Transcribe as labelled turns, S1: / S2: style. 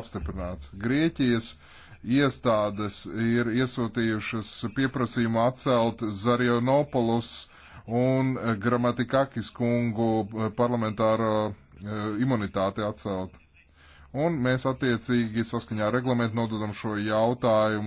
S1: apstiprināts. Grieķijas iestādes ir iesūtījušas pieprasījumu atcelt Zarionopolus un Gramatikakis kungu parlamentāro e, imunitāti atcelt. Un mēs attiecīgi saskaņā reglamentu nododam šo jautājumu.